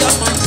Stop my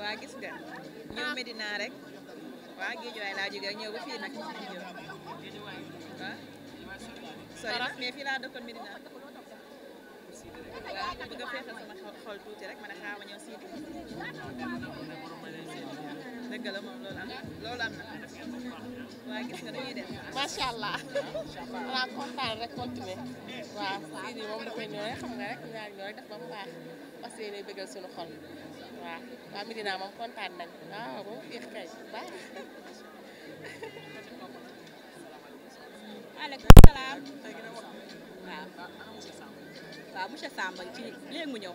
waa gis nga ñëw Medina rek waa Guédiawaye laa jógee ñëw ba fii nag sori na mais fii laa dëkkoon Medina waaw bëgg a feexal sama xol tuuti rek ma ne xaaral ma ñëw dëgg la moom loolu am na allah. waaw kontaan rek continué. waaw mu baax moom kontaan nañ waaw mu féex kay bu baax. maaleykum salaam. ci léegi mu ñëw.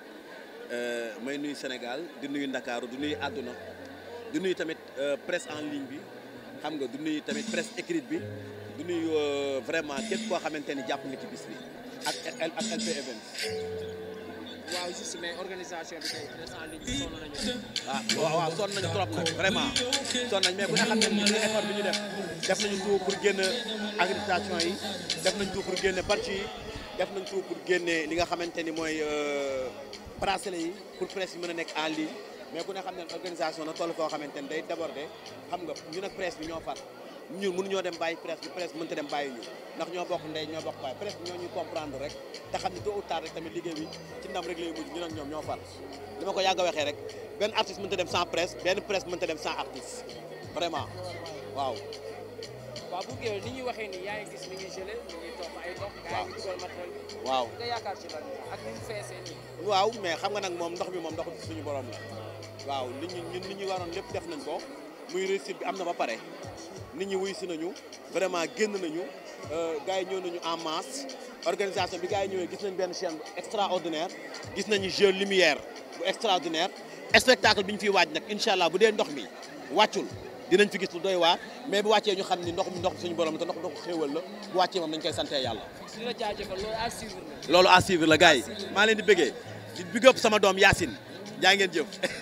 Euh, may nuyu Sénégal di nuyu Ndakaaru du nuyu àdduna di nuyu tamit euh, presse en ligne bi xam nga di nuyu tamit presque écrite bi di nuyu euh, vraiment képp koo xamante ni jàpp nga ci bis ak ak ak LP Events. waaw juste mais organisation bi tey presse en ligne ah, nañu. trop nag vraiment sonn nañu mais bu nga xam ne nii effort bi ñu def def nañu tout pour génn accréditation yi def nañu tout pour génn parti yi. def nañ tout pour génnee li nga xamante ni mooy euh, bracelet yi pour presse yi mën a nekk en ligne mais ku ne xam ne organisation na toll koo xamante ni day débordé xam nga ñu nag presse bi ñoo far ñun mënuñoo dem bàyyi presse bi presse bi mënta dem bàyyi ñu ndax ñoo bokk ndey ñoo bokk baay presse bi ñoo ñuy comprendre rek te xam ne tôt ou tard rek tamit liggéey bi ci ndam rek lay mujj ñu nag ñoom ñoo far li ma ko yàgg waxee rek benn artiste mënta dem sans presse benn presse dem sans artiste vraiment waaw waaw bu ngeen ni ñuy waxee ni yaa gis ni ñuy jëlee ni ñuy topp ay ndox. waaw waaw mais xam nga nag moom ndox mi moom ndox suñu borom la. waaw nit ñu li ñu waroon lépp def nañ ko muy réussite bi am na ba pare nit ñi wuy nañu vraiment génn nañu euh, gars yi ñëw nañu en masse organisation bi gars yi ñëwee gis nañ benn chaîne bu extraordinaire gis nañu jeu lumière bu extraordinaire spectacle bi ñu fiy waaj nag incha allah bu dee ndox mi wàccul. dinañ fi gis lu doy waar mais bu wàccee ñu xam ni ndox mi ndox suñu borom te ndox ndox xéewal la bu wàccee moom dañ koy sante yàlla loolu à la gars yi maa leen di bëggee di big up sama doom Yacine jaa ngeen jëf